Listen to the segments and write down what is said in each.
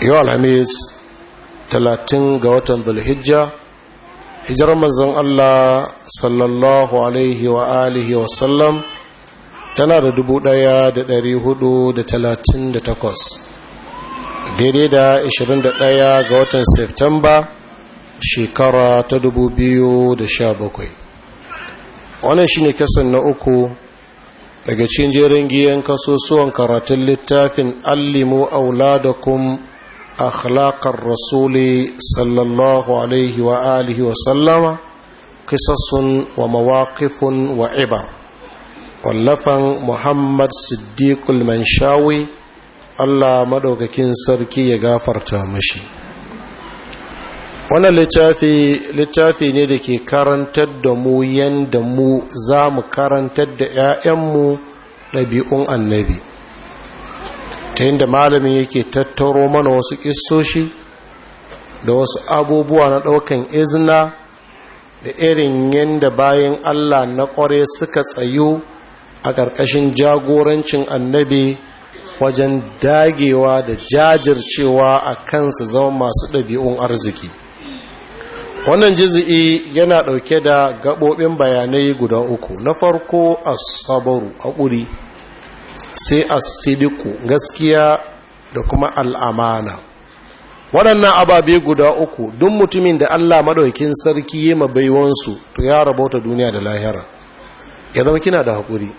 yau alhamis talatin ga watan zulhijja hijirar manzon Allah sallallahu alaihi wa alihi wa sallam tana da dubu daya da dari hudu da talatin da takwas daidai da ishirin da daya ga watan septemba shekara ta dubu biyu da sha bakwai wannan shine kasan na uku daga cikin jerin giyan kasusuwan karatun littafin allimu auladakum أخلاق الرسول صلى الله عليه وآله وسلم قصص ومواقف وعبر wallafan muhammad صديق المنشاوي allah maɗaukakin sarki ya gafarta mashi wannan littafi littafi ne da ke karantar da mu yadda mu za mu karantar da 'ya'yanmu ɗabi'un annabi ta da malamin yake tattaro mana wasu ƙistoshi da wasu abubuwa na ɗaukan izina da irin yadda bayan allah na ƙware suka tsayo a ƙarƙashin jagorancin annabi wajen dagewa da jajircewa a kansu zama masu ɗabi'un arziki wannan jizi'i yana ɗauke da gaɓoɓin bayanai guda uku na farko asabaru a ƙuri sai asidiku gaskiya da kuma al'amana waɗannan ababe guda uku duk mutumin da allah maɗaukin sarki yi mabaiwansu to ya rabauta duniya da lahira ya zama kina da haƙuri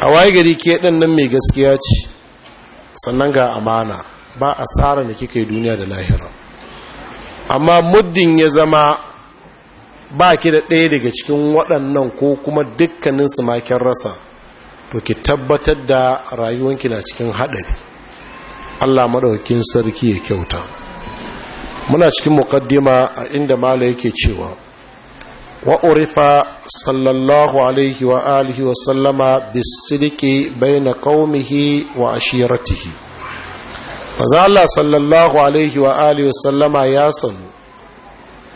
a waye gari ke ɗan mai gaskiya ce sannan ga amana ba asara da kika yi duniya da lahira amma muddin ya zama ba ki da ɗaya daga cikin waɗannan ko kuma dukkaninsu makin rasa to ki tabbatar da rayuwanki na cikin haɗari Allah maɗaukin sarki ya kyauta muna cikin mukaddima a inda mala yake cewa wa urifa sallallahu alaihi wa alihi wa sallama bisidiki baina qaumihi wa ashiratihi maza Allah sallallahu alaihi wa alihi wa sallama ya sanu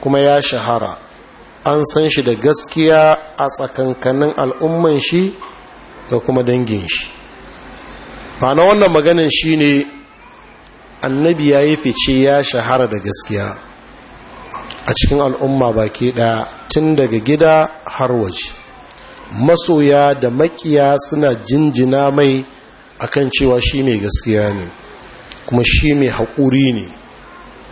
kuma ya shahara an san shi da gaskiya a tsakankanin al'umman shi da kuma dangin shi ba na wannan maganin shi ne annabi ya yi fice ya shahara da gaskiya a cikin al'umma baki ɗaya tun daga gida har waje masoya da makiya suna jinjina mai akan cewa shi mai gaskiya ne kuma shi mai haƙuri ne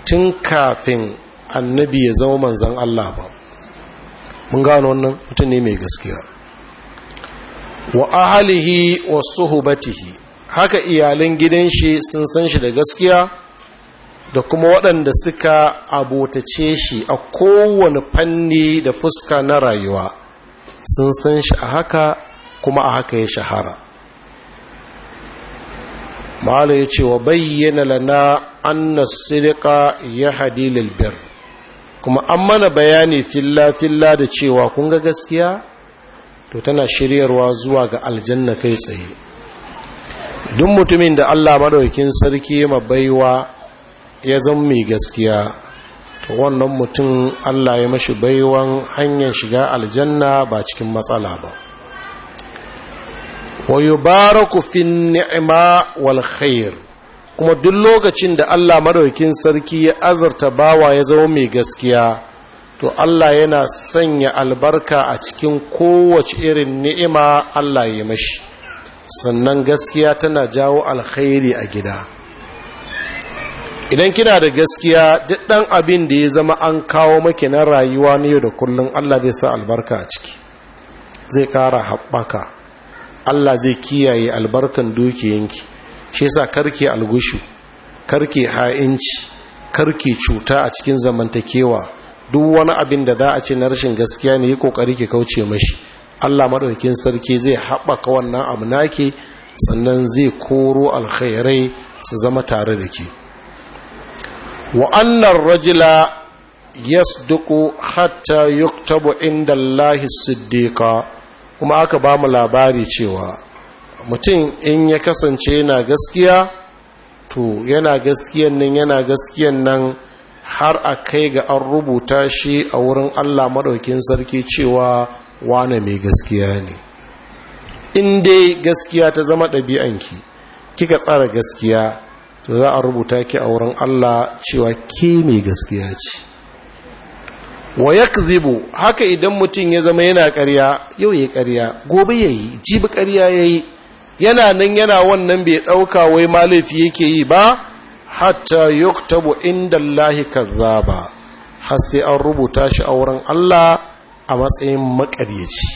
tun kafin annabi ya zama manzan Allah ba mun gano wannan mutum ne mai gaskiya wa ahalihi wa suhubatihi haka iyalan gidan shi sun san shi da gaskiya da kuma waɗanda suka abotace shi a kowane fanni da fuska na rayuwa sun san shi a haka kuma a haka ya shahara ma'ala ya ce wa bayyana lana na sirika ya hadilil bir kuma an mana bayani filla-filla da cewa kun ga gaskiya to tana shiryarwa zuwa ga aljanna kai tsaye duk mutumin da Allah madaukakin sarki ma baiwa ya zama mai gaskiya to wannan mutum Allah ya mashi baiwan hanyar shiga aljanna ba cikin matsala ba wa yubaraku fin ni'ma wal khair kuma duk lokacin da Allah madaukakin sarki ya azarta bawa ya zama mai gaskiya to Allah yana sanya albarka a cikin kowace irin ni'ima Allah ya mashi sannan gaskiya tana jawo alkhairi a gida idan kina da gaskiya duk ɗan abin da ya zama an kawo maki na rayuwa ne da kullum Allah zai sa albarka a ciki zai kara haɓaka Allah zai kiyaye albarkan dukiyanki shi yasa karki algushu karki ha'inci karki cuta a cikin zamantakewa duk wani abin da za a ce na rashin gaskiya ne yi kokari ke kauce mashi Allah maɗaukin sarki zai haɓaka wannan abu naki sannan zai koro alkhairai su zama tare da ke wa rajila, rajula duku, hatta yuktabu inda Allah kuma aka ba mu labari cewa mutum in ya kasance na gaskiya to yana gaskiyan nan yana gaskiyan nan har a kai ga an rubuta shi a wurin Allah maɗaukin sarki cewa wane mai gaskiya ne in dai gaskiya ta zama ɗabi'anki kika tsara gaskiya to za a rubuta ki a wurin Allah cewa ke mai gaskiya ce wa ya haka idan mutum ya zama yana karya, yau ya karya gobe ya yi jibi karya ya yi yana nan yana wannan bai ɗauka wai ma laifi yake yi ba hatta yuktabu inda Allahi kazzaba har sai an rubuta shi a wurin Allah a matsayin makaryaci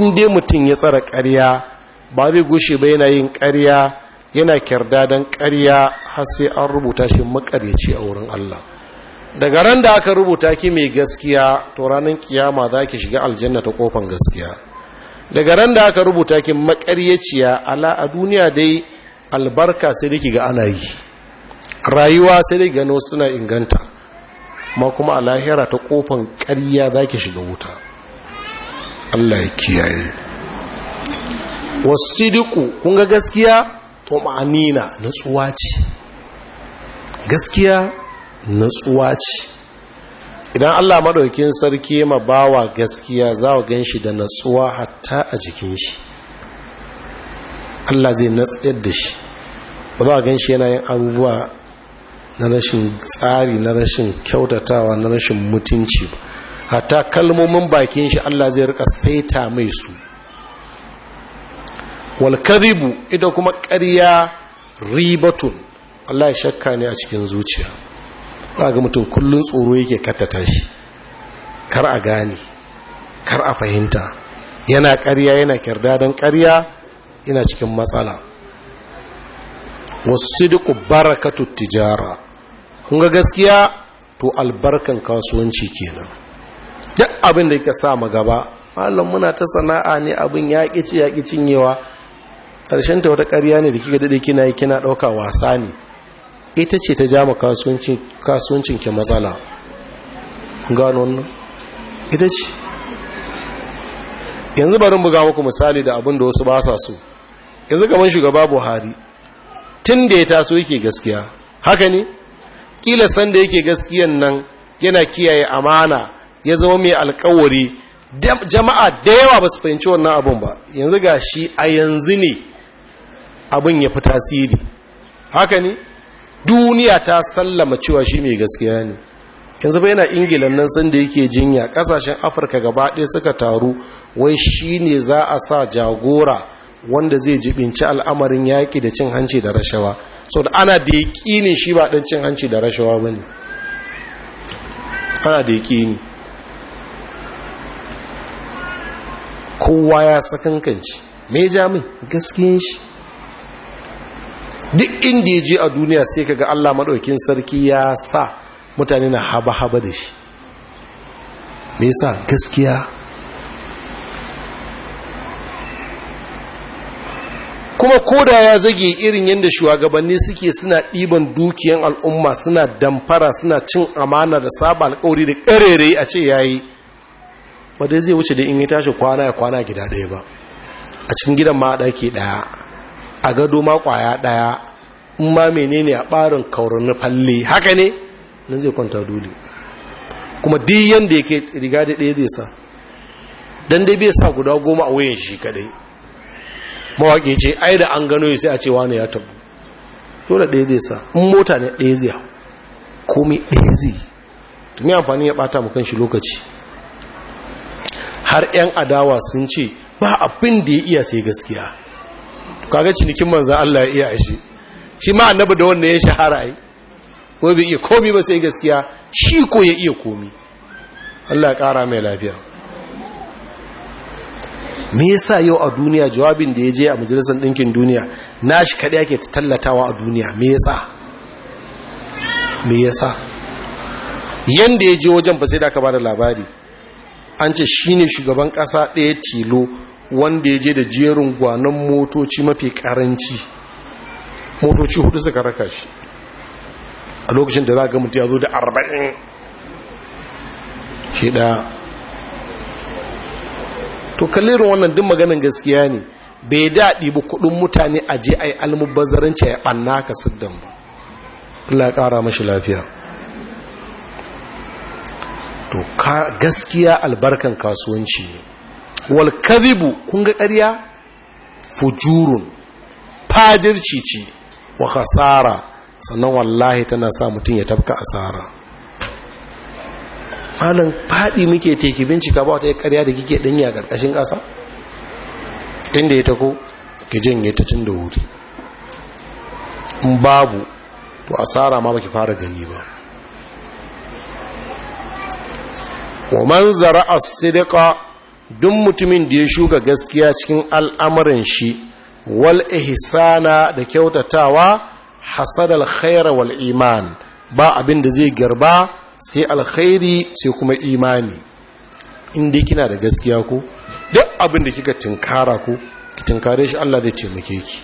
in dai mutum ya tsara ƙarya ba zai gushe ba yana yin ƙarya yana kyarda don ƙarya har sai an rubuta shi makaryaci a wurin Allah daga ran da aka rubuta ki mai gaskiya to ranar kiyama za ki shiga aljanna ta kofan gaskiya daga ran da aka rubuta ki makaryaciya ala a duniya dai albarka sai da ki ga ana yi rayuwa sai dai gano suna inganta ma kuma a lahira ta kofan karya za ki shiga wuta Allah ya kiyaye wasu sidiku kun ga gaskiya tumanina natsuwa ce gaskiya natsuwa ce idan Allah maɗaukin sarki ma bawa gaskiya za a gan shi da natsuwa hatta a jikin shi Allah zai natsayar da shi ba za a gan shi yana yin abubuwa na rashin tsari na rashin kyautatawa na rashin mutunci ba hatta kalmomin bakin shi Allah zai rika saita mai su wal kadhibu kuma ƙarya ribatun Allah ya shakka ne a cikin zuciya Ba ga mutum kullun tsoro yake kattata shi kar a gani, kar a fahimta yana ƙarya yana kyarda don ƙarya yana cikin matsala wasu duku barakatu tijara kun ga gaskiya to albarkan kasuwanci kenan duk abin da yake sa mu gaba Malam muna ta sana'a ne abin ya kici ya cinyewa karshen ta wata ƙarya ne da kika dade kina yi kina dauka wasa ne ita ce ta jama kasuwancin kasuwancin ki matsala gano wannan ita ce yanzu bari buga muku misali da abin da wasu ba sa so yanzu kamar shugaba Buhari tun da ya taso yake gaskiya haka ne kila sanda yake gaskiyan nan yana kiyaye amana ya zama mai alkawari jama'a da yawa ba su fahimci wannan abun ba yanzu ga shi a yanzu ne abin ya fi tasiri haka ne duniya ta sallama cewa shi mai gaskiya ne yanzu ba yana ingila nan sanda yake jinya kasashen afirka gaba ɗaya suka taru wai shi ne za a sa jagora wanda zai jibinci al'amarin yaƙi da cin hanci da rashawa so da ana da yaƙinin shi ba ɗan cin hanci da rashawa ba ne ana da ya yaƙini kowa ya sakankanci mai jami gaskiyan shi duk inda ya je a duniya sai ka ga allah maɗaukin sarki ya sa mutane na haba-haba da shi me yasa gaskiya koda ya zage irin yadda shugabanni suke suna ɗiban dukiyan al'umma suna damfara suna cin amana da saba alkawari da ƙarere a ce yi. ba dai zai wuce da in yi tashi kwana ya kwana gida ɗaya ba a cikin gidan ma ɗaki ɗaya a gado ma ƙwaya ɗaya in ma mene ne a ɓarin kaurin falle haka ne nan zai kwanta dole kuma duk yadda yake riga da ɗaya zai sa dan dai bai sa guda goma a wayan shi kaɗai mawaƙi ce ai da an gano sai a ce wani ya tabu dole ɗaya zai sa in mota ne ɗaya zai komai ɗaya zai ni amfani ya ɓata kan shi lokaci har 'yan adawa sun ce ba abin da ya iya sai gaskiya kaga cinikin manzan Allah ya iya aishi shi ma annabi da wanda ya shahara ai ko bai iya komi ba sai gaskiya shi ko ya iya komi Allah ya ƙara mai lafiya me yasa yau a duniya jawabin da ya je a majalisar ɗinkin duniya na shi kaɗai ake tallatawa a duniya me yasa me yasa yanda ya je wajen ba sai da aka ba da labari an ce shi ne shugaban ƙasa ɗaya tilo wanda ya je da jerin gwanon motoci mafi ƙaranci motoci hudu suka raka shi a lokacin da za ga mutu ya zo da arba'in shi ɗaya to kallirin wannan duk maganin gaskiya ne bai daɗi ba kuɗin mutane a je a yi almubazzaranci ya ɓanna ka siddan ba Allah ƙara mashi lafiya to gaskiya albarkan kasuwanci ne wal kadhibu kun ga ƙarya fujurun fajirci ce wa hasara sannan wallahi tana sa mutum ya tafka asara malam faɗi muke teki bincika ba wata karya da kike ɗanya ƙarƙashin ƙasa inda ya tako ki janye ta tun da wuri in babu to asara ma baki fara gani ba wa man zara as-sidqa duk mutumin da ya shuka gaskiya cikin al'amuran shi wal ihsana da kyautatawa hasadal khaira wal iman ba abin da zai girba sai alkhairi sai kuma imani inda kina da gaskiya ko duk abin da kika tinkara ko ki tinkare shi Allah zai taimake ki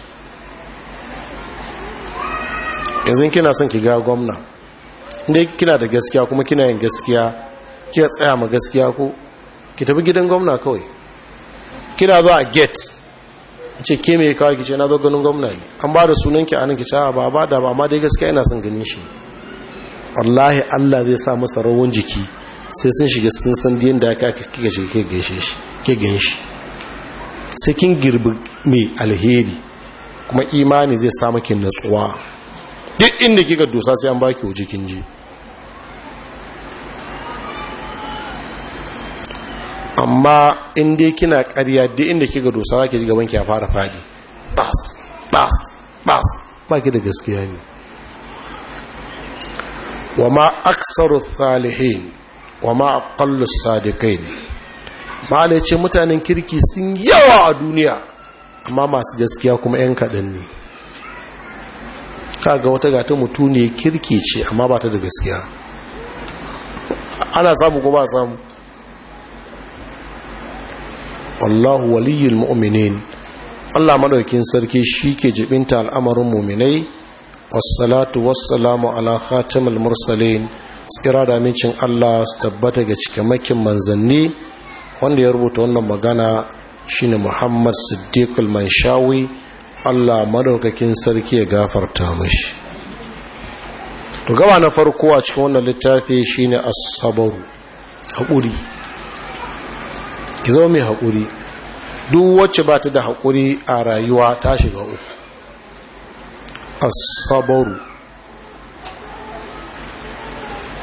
yanzu kina son ki ga gwamna inda kina da gaskiya kuma kina yin gaskiya kika tsaya ma gaskiya ko ki tafi gidan gwamna kawai kina zo a gate ce ke mai kawai ki ce na zo ganin gwamna ne an ba da sunanki a nan ki ce ba ba da ba amma dai gaskiya ina son ganin shi wallahi Allah zai sa masa rawan jiki sai sun shiga sun san diyan da aka kika shiga ke gaishe shi ke ganshi sai kin girbi mai alheri kuma imani zai sa maki natsuwa duk inda kika dosa sai an baki waje kin ji. amma in dai kina karya, duk inda kika dosa zaki ji gaban ki a fara fadi bas bas bas baki da gaskiya ne wa ma aksaru وما wa ma ما sadiqin mala ce mutanen kirki sun yawa a duniya ma masu gaskiya kuma yan kaga wata gata mutu ne kirki ce amma ba ta da gaskiya ana samu ko ba samu wallahu waliyul mu'minin Allah madaukin sarki shi ke jibinta al'amarin mu'minai wassalatu wassalamu ala khatimul mursalin tsira da amincin Allah su tabbata ga cikamakin manzanni wanda ya rubuta wannan magana shine Muhammad Siddiqul Manshawi Allah madaukakin sarki ya gafarta mashi to gaba na farko a cikin wannan littafi shine as-sabr haƙuri ki mai haƙuri duk wacce ba ta da haƙuri a rayuwa ta shiga uku الصبر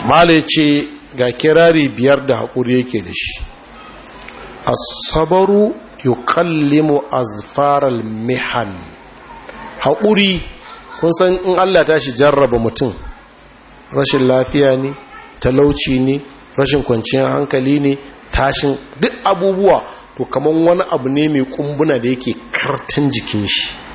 sabaru ce ga kirari biyar da haƙuri yake da shi as-sabaru yukallimu azfaral mihan haƙuri kun san in Allah ta shi jarraba mutum rashin lafiya ne talauci ne rashin kwanciyar hankali ne tashin duk abubuwa to kamar wani abu ne mai kumbuna da yake kartan jikin shi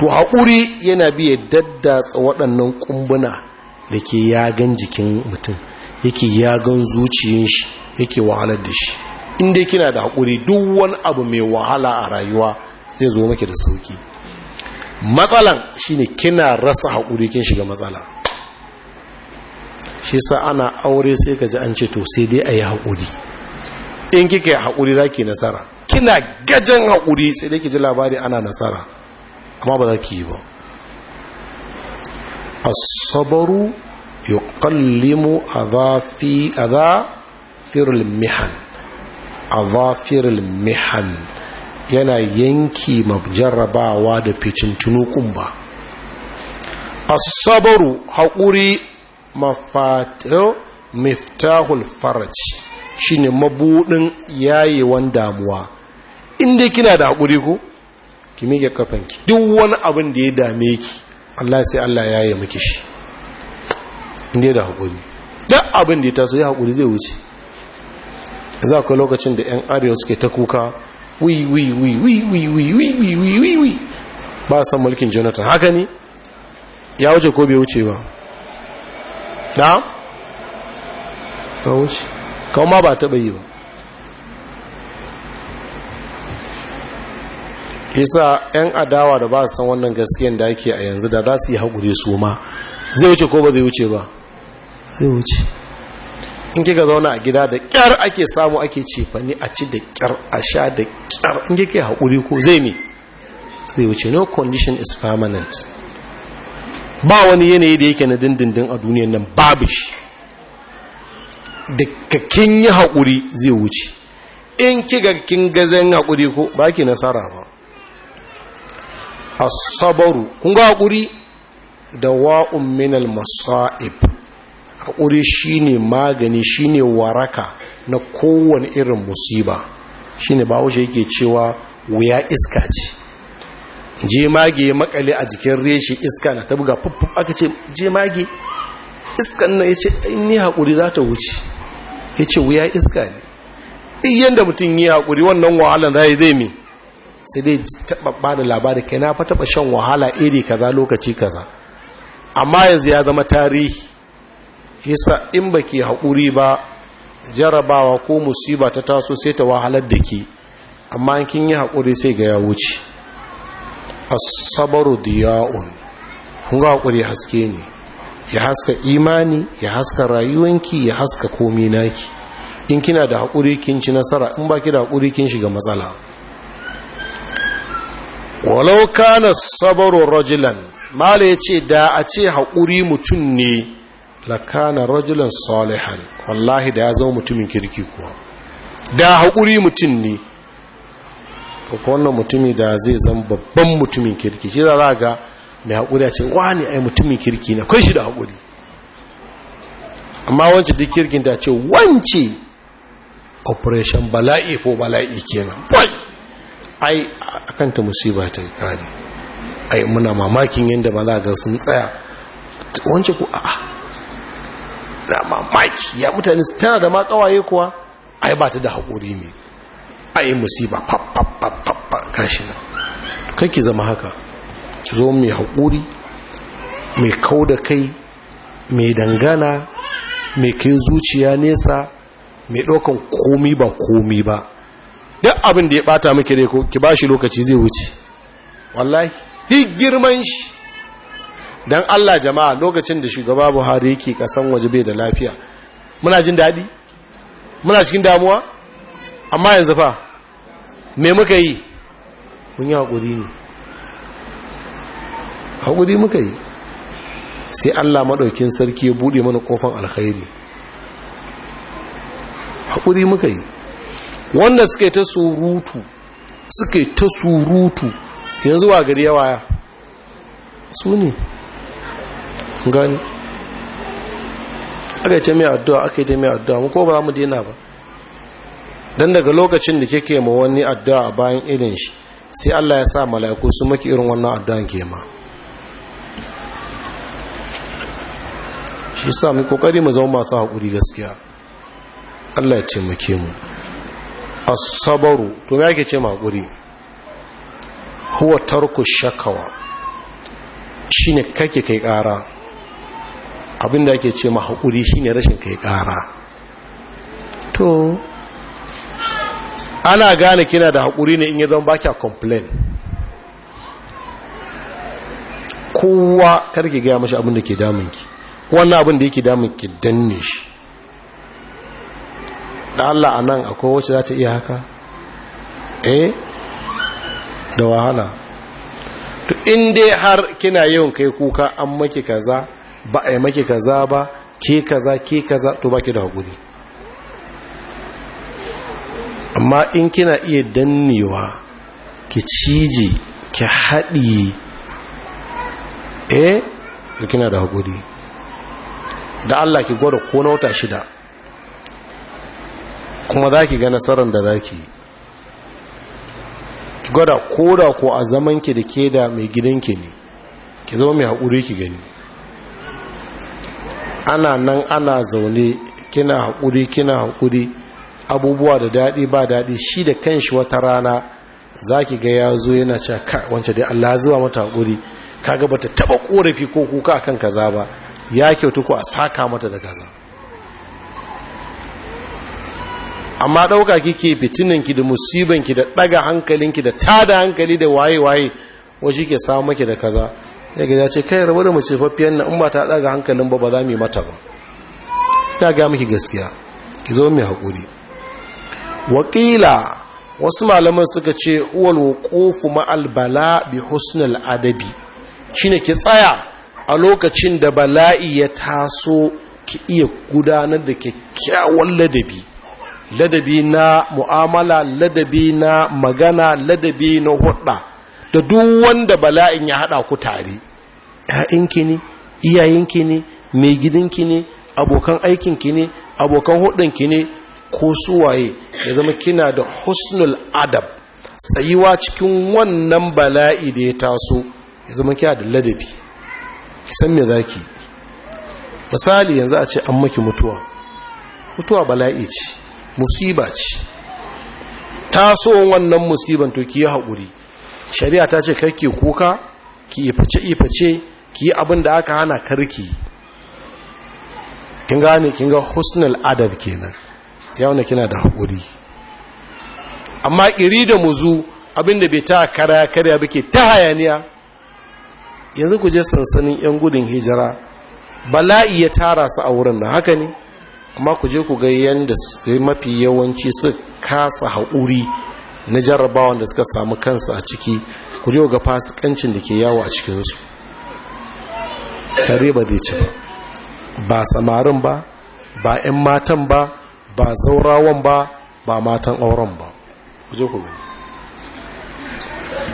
to haƙuri yana biya daddatsa waɗannan ƙumbuna da ke yagan jikin mutum yake yagan zuciyin shi yake wahalar da shi inda kina da haƙuri duk wani abu mai wahala a rayuwa zai zo maki da sauki matsalan shine kina rasa haƙuri kin shiga matsala shi sa ana aure sai ka ji an ce to sai dai a yi haƙuri in kika yi haƙuri za ki nasara kina gajen haƙuri sai dai ki ji labari ana nasara amma ba za ki yi ba asabaru yuqallimu adhafi adhafirul mihan mihan yana yanki majarrabawa da tunukun ba. asabaru haƙuri mafatih miftahul faraj shine mabudin yayewan damuwa inda kina da haƙuri ko ki miƙe kafanki duk wani abin da ya dame ki Allah sai Allah ya yi miki shi inda da hakuri. duk abin da ya taso ya hakuri zai wuce za ku lokacin da 'yan arewa suke ta kuka wi wi wi wi wi wi wi wi wi wi wi ba san mulkin jonathan haka ne ya wuce ko bai wuce ba na? ba wuce kawo ma ba taɓa yi ba yasa yan adawa da ba san wannan gaskiyan da ake a yanzu da za su yi haƙuri su ma zai wuce ko ba zai wuce ba zai wuce in kika zauna a gida da kyar ake samu ake cefani a ci da kyar a sha da kyar in kika haƙuri ko zai ne zai wuce no condition is permanent ba wani yanayi da yake na dindindin a duniyan nan babu shi da kin yi haƙuri zai wuce in kiga kin gazan haƙuri ko ba ki nasara ba Asabaru. sabru kun ga hakuri da wa'un min masaib hakuri shine magani shine waraka na kowane irin musiba shine bahaushe yake cewa wuya iska ce jemage ya makale a jikin reshi iska na tabga fuffuf aka ce mage. iskan na ya ce in yi hakuri za ta wuce ya ce wuya iska ne iyan mutum yi hakuri wannan wahalan zai zai mai sai dai taɓa bada labari kai na fa taɓa shan wahala iri kaza lokaci kaza amma yanzu ya zama tarihi yasa in ba ke haƙuri ba jarabawa ko musiba ta taso sai ta wahalar da ke amma kin yi haƙuri sai ga ya wuce asabaru diya'un kun ga haƙuri haske ne ya haska imani ya haska rayuwanki ya haska komi naki in kina da haƙuri kin ci nasara in ba ki da haƙuri kin shiga matsala walau kana sabaru rajulan mala ya ce da a ce haƙuri mutum ne lakana rajulan salihan wallahi da ya zama mutumin kirki kuwa da haƙuri mutum ne kuka wannan mutumi da zai zama babban mutumin kirki shi za ga mai haƙuri a ce wani ai mutumin kirki na kai shi da haƙuri amma wance duk kirkin ta ce wance operation bala'i ko bala'i kenan bai ai a kanta musiba ta kare ai muna mamakin yadda ba za ga sun tsaya wance ku a'a na mamaki ya mutane tana da ma kawaye kuwa ai ba ta da haƙuri ne ai musiba fafafafafa kashi na kai ki zama haka zo mai haƙuri mai kau da kai mai dangana mai kai zuciya nesa mai ɗaukan komi ba komi ba duk abin da ya bata miki rai ko ki bashi lokaci zai wuce wallahi hi girman shi dan Allah jama'a lokacin da shugaba Buhari yake kasan waje bai da lafiya muna jin dadi muna cikin damuwa amma yanzu fa me muka yi mun yi hakuri ne hakuri muka yi sai Allah madaukin sarki ya bude mana kofan alkhairi hakuri muka yi wanda suke ta surutu suke ta surutu yanzu wa gari yawa ya su ne gani aka yi ta mai addu'a aka yi ta mai addu'a mu ko ba mu dina ba don daga lokacin da ke ma wani addu'a bayan irin shi sai Allah ya sa mala'iku su maki irin wannan addu'an ke ma shi sa kokari mu zama masu haƙuri gaskiya Allah ya taimake mu asabaru to me ake ce makuri huwa tarku shakawa shine kake kai kara abinda yake ce ma hakuri shine rashin kai kara to ana gane kina da hakuri ne in ya zama baki complain kowa karki gaya mashi abin da ke damunki wannan abin da yake damunki danne shi da Allah a nan akwai wacce za ta iya haka eh da wahala to in dai har kina yawan kai kuka an maki kaza ba a yi maki kaza ba ke kaza ke kaza to baki da haƙuri amma in kina iya dannewa ki cije ki haɗiye eh da kina da haƙuri da Allah ki gwada ko na wata shida kuma za ki ga nasarar da za ki yi ki gwada koda ko a zamanki da ke da mai gidanki ne ki zama mai haƙuri ki gani ana nan ana zaune kina haƙuri kina haƙuri abubuwa da daɗi ba daɗi shi da kanshi wata rana za ki ga ya zo yana cewa ka wancan dai Allah zuwa mata haƙuri kaga bata taɓa ƙorafi ko kuka kan kaza ba ya kyautu ko a saka mata da kaza amma ɗauka kike ki da musibanki da ɗaga hankalinki da tada hankali da waye-waye waje ke samu maki da kaza ya gaza ce kai rabu da mace fafiyan na in ba ta ɗaga hankalin ba ba za mu yi mata ba ta ga miki gaskiya ki zo mai haƙuri wakila wasu malaman suka ce uwal wuqufu ma'al bala bi husnul adabi shine ki tsaya a lokacin da bala'i ya taso ki iya gudanar da kyakkyawan ladabi ladabi na mu'amala ladabi na magana ladabi na hudda da duk wanda bala'in ya hada ku tare ‘ya'yanki ne iyayenki ne mai gidanki ne abokan aikinki ne abokan hudunki ne ko suwaye ya zama kina da husnul adab tsayuwa cikin wannan bala'i da ya taso ya zama kina da ladabi kisan me zaki misali yanzu a ce an maki mutuwa mutuwa bala'i ce musiba ce ta so wannan musiban to ki yi haƙuri shari'a ta ce ke kuka ki iface-iface ki yi abin da aka hana karki kin gane kin ga husnul adab kenan yauna kina da haƙuri amma ƙiri da muzu abinda bai ta kara karya bake ta hayaniya yanzu ku je sansanin 'yan gudun hijira bala'i ya tara su a wurin nan haka ne amma ku je ku ga yanda mafi yawanci su kasa haƙuri na jarrabawan da suka samu kansu a ciki ku je ga fasikancin da ke yawo a cikinsu kare ba zai ci ba ba samarin ba ba 'yan matan ba ba zaurawan ba ba matan auren ba ku je ku gani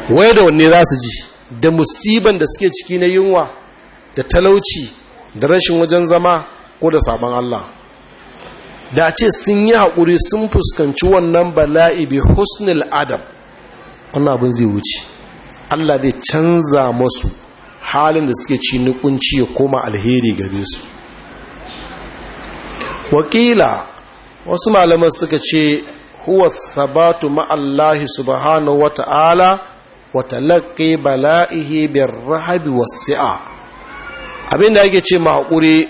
wai da wanne za su ji da musiban da suke ciki na yunwa da talauci da rashin wajen zama ko da sabon Allah da ce sun yi haƙuri sun fuskanci wannan bala'i bi husnul adam wannan abin zai wuce allah zai canza masu halin da suke ci nukunci ya koma alheri gare su wakila wasu malaman suka ce huwa sabatu ma'allahi subhanahu wa ta'ala wa talaqqi bala'ihi bir rahabi wasi'a abinda yake ce ma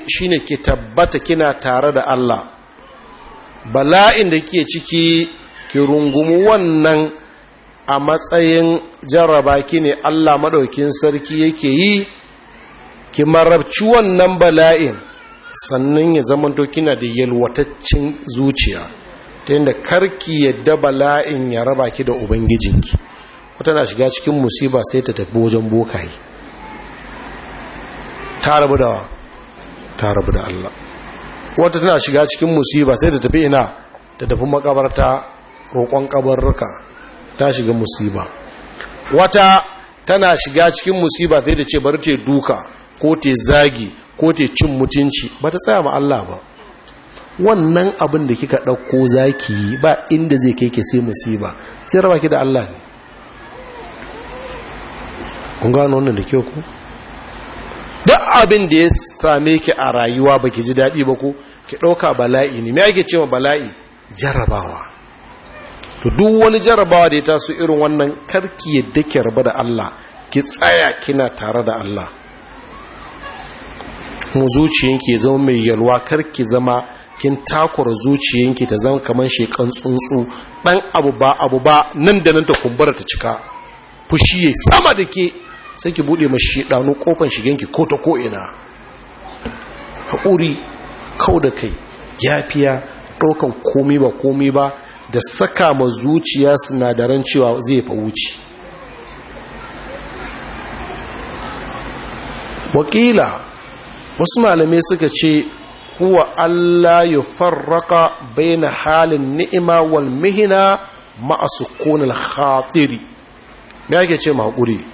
shine ki tabbata kina tare da Allah bala'in da ke ciki ki rungumu wannan a matsayin jarraba ki ne Allah maɗaukin sarki yake yi ki marabci wannan bala'in sannan ya zamanto kina da yalwataccen zuciya ta yadda karki yadda bala'in ya raba ki da ubangijinki wata na shiga cikin musiba sai ta tafi wajen bokaye ta ta rabu da Allah wata tana shiga cikin musiba sai ta tafi ina ta tafi makabarta roƙon kabarruka ta shiga musiba wata tana shiga cikin musiba sai da ce bari ta duka ko ta zagi ko ta cin mutunci ba ta tsaya ma Allah ba wannan abin da kika ɗauko zaki yi ba inda zai kai ke sai musiba sai raba ki da Allah ne kun gano wannan da kyau ku abin da ya same ki a rayuwa baki ji daɗi ba ko ki ɗauka bala'i ne me ake ce ma bala'i jarabawa to duk wani jarabawa da ya taso irin wannan karki yadda ki raba da Allah ki tsaya kina tare da Allah mu zuciyanki ya zama mai yalwa karki zama kin takura zuciyanki ta zama kamar shekan tsuntsu dan abu ba abu ba nan da nan ta kumbura ta cika fushi sama da ke sai ki bude mashi shedanu kofan shigenki ko ta ko'ina. haƙuri kau da kai yafiya ɗaukan komi ba komi ba da saka ma zuciya sinadaran cewa zai fa wuce wakila wasu malamai suka ce huwa Allah ya farraka baina halin ni'ima wal mihina ma'a sukunin khatiri ya ake ce ma haƙuri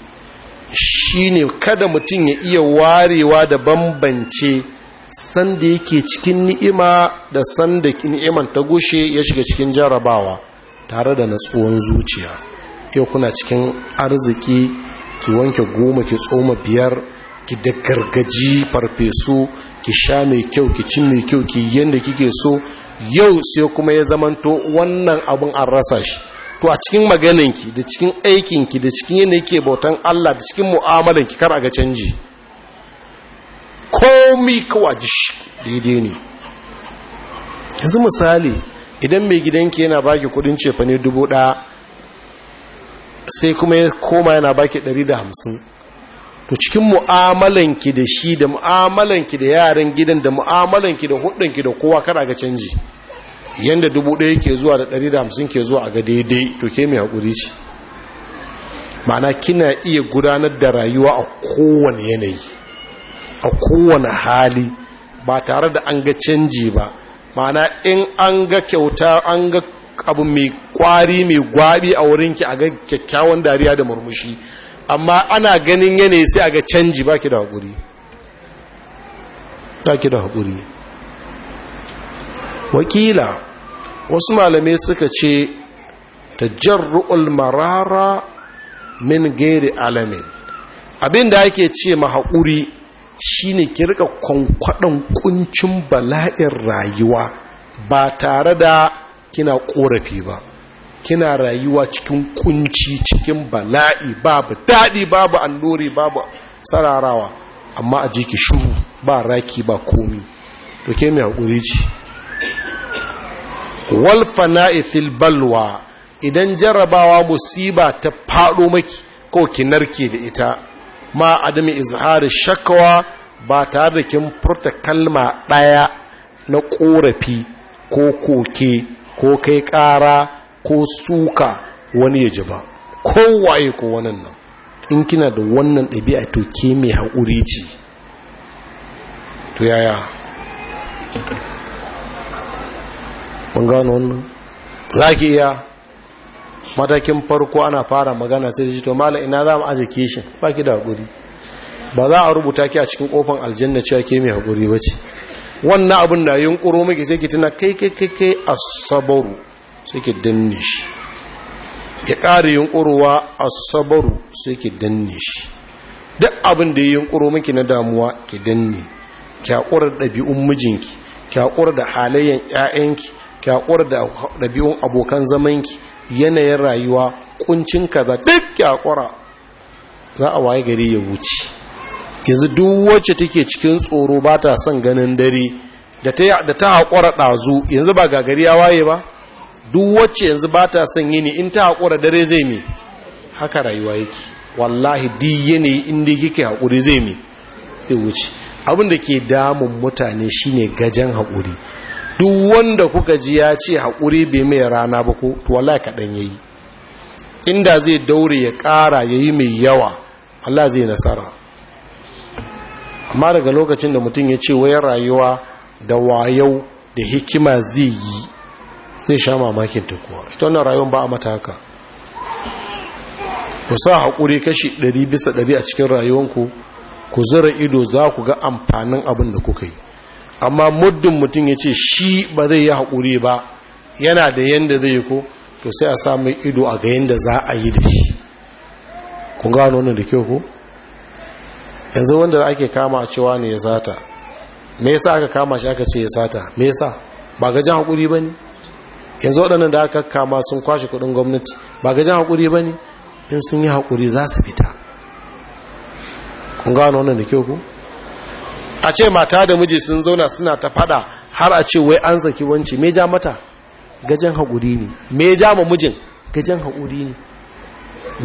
shine kada mutum ya iya warewa da bambance sanda yake cikin ni'ima da sanda ni'iman ta gushe ya shiga cikin jarabawa tare da natsuwan zuciya yau kuna cikin arziki ki wanke goma ki tsoma biyar ki da gargaji farfesu ki sha mai kyau ki cin mai kyau ki yadda kike so yau sai kuma ya zamanto wannan abin an rasa shi to a cikin magananki da cikin aikinki da cikin yanayi ke bautan Allah da cikin mu'amalanki kar a ga canji komi kawa jish daidai ne yanzu misali idan mai gidanki yana baki kudin cefa ne dubu ɗaya sai kuma ya koma yana baki ɗari da hamsin to cikin mu'amalanki da shi da mu'amalanki da yaran gidan da mu'amalanki da hudunki da kowa kar a ga canji yadda dubu ɗaya ke zuwa da ɗari da hamsin ke zuwa ga daidai to ke mai haƙuri ce mana kina iya gudanar da rayuwa a kowane yanayi a kowane hali ba tare da an ga canji ba mana in an ga kyauta an ga abu mai kwari mai gwabi a wurinki a ga kyakkyawan dariya da murmushi amma ana ganin yanayi sai a ga canji ba ki da haƙuri ba ki da haƙuri wakila wasu malamai suka ce ta jarru'ul marara min gairi alamin abin da ake ce mahaƙuri shine ne kirka kwankwaɗon kuncin bala'in rayuwa ba tare da kina ƙorafi ba kina rayuwa cikin kunci cikin bala'i babu daɗi babu allori babu sararawa amma a jiki shuhu ba raki ba komi to ke mai haƙuri ce wal fana'i balwa idan jarabawa musiba ta faɗo maki ko ki narke da ita ma adami izhari shakawa ba tare da kin furta kalma ɗaya na ƙorafi ko koke ko kai ƙara ko suka wani ya ji ba kowaye ko wannan nan in kina da wannan ɗabi'a to ke mai haƙuri ce to yaya mun gano wannan za ki iya matakin farko ana fara magana sai da shi to mala ina za mu aje kishin ba ki da haƙuri ba za a rubuta ki a cikin ƙofan aljanna cewa ke mai haƙuri ba ce wannan abin da yunƙuro miki sai ki tuna kai kai kai kai asabaru sai ki danne shi ya ƙara yunƙurowa asabaru sai ki danne shi duk abin da ya yunƙuro miki na damuwa ki danne ki haƙura da ɗabi'un mijinki ki haƙura da halayyan 'ya'yanki kyakuwar da ɗabi'un abokan zamanki yanayin rayuwa kuncin kaza duk kyakura za a waye gari ya wuce yanzu duk wacce take cikin tsoro ba ta son ganin dare da ta haƙura ɗazu yanzu ba gagari ya waye ba duk wacce yanzu ba ta son yini in ta haƙura dare zai mi haka rayuwa yake wallahi duk yanayi inda kike haƙuri zai mi zai wuce abin da ke damun mutane shine gajen haƙuri duk wanda kuka ji ya ce haƙuri bai mai rana ba ko tuwala kaɗan ya yi inda zai daure ya ƙara ya yi mai yawa Allah zai nasara amma daga lokacin da mutum ya ce wayar rayuwa da wayau da hikima zai yi zai sha mamakin ta kuwa ita wannan rayuwar ba a mata haka ku sa haƙuri kashi 100 bisa 100 a cikin rayuwanku ku zira ido za ku ga amfanin abin da kuka yi amma muddin mutum ya ce shi ba zai yi haƙuri ba yana da yadda zai yi ko to sai a samun ido a ga yadda za a yi da shi kun gano wannan da kyau ko yanzu wanda ake kama cewa ne ya sata me yasa aka kama shi aka ce ya sata me yasa ba ga jan haƙuri ba ne yanzu waɗannan da aka kama sun kwashe kuɗin gwamnati ba ga jan haƙuri ba ne in sun yi haƙuri za su fita kun gano wannan da kyau ko a ce mata da miji sun zauna suna ta fada har a ce wai an zaki wanci me ja mata gajen haƙuri ne me ja ma mijin gajen haƙuri ne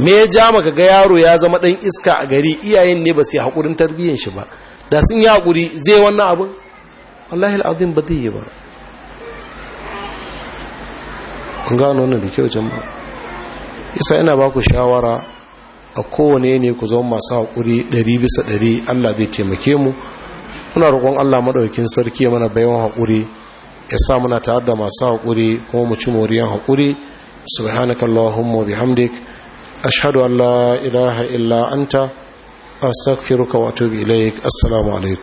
me ja ma ga yaro ya zama ɗan iska a gari iyayen ne ba su yi haƙurin tarbiyyar shi ba da sun yi haƙuri zai wannan abin wallahi al'adun ba zai yi ba kun gano wannan da kyau jama'a isa ina ba ku shawara a kowane ne ku zama masu haƙuri ɗari bisa ɗari allah bai taimake mu muna roƙon Allah maɗaukin sarki mana baiwan haƙuri ya sa muna tare da masu haƙuri kuma mu ci moriyan haƙuri subhanakallahumma bihamdik ashhadu an la ilaha illa anta astaghfiruka wa atubu ilaik assalamu alaikum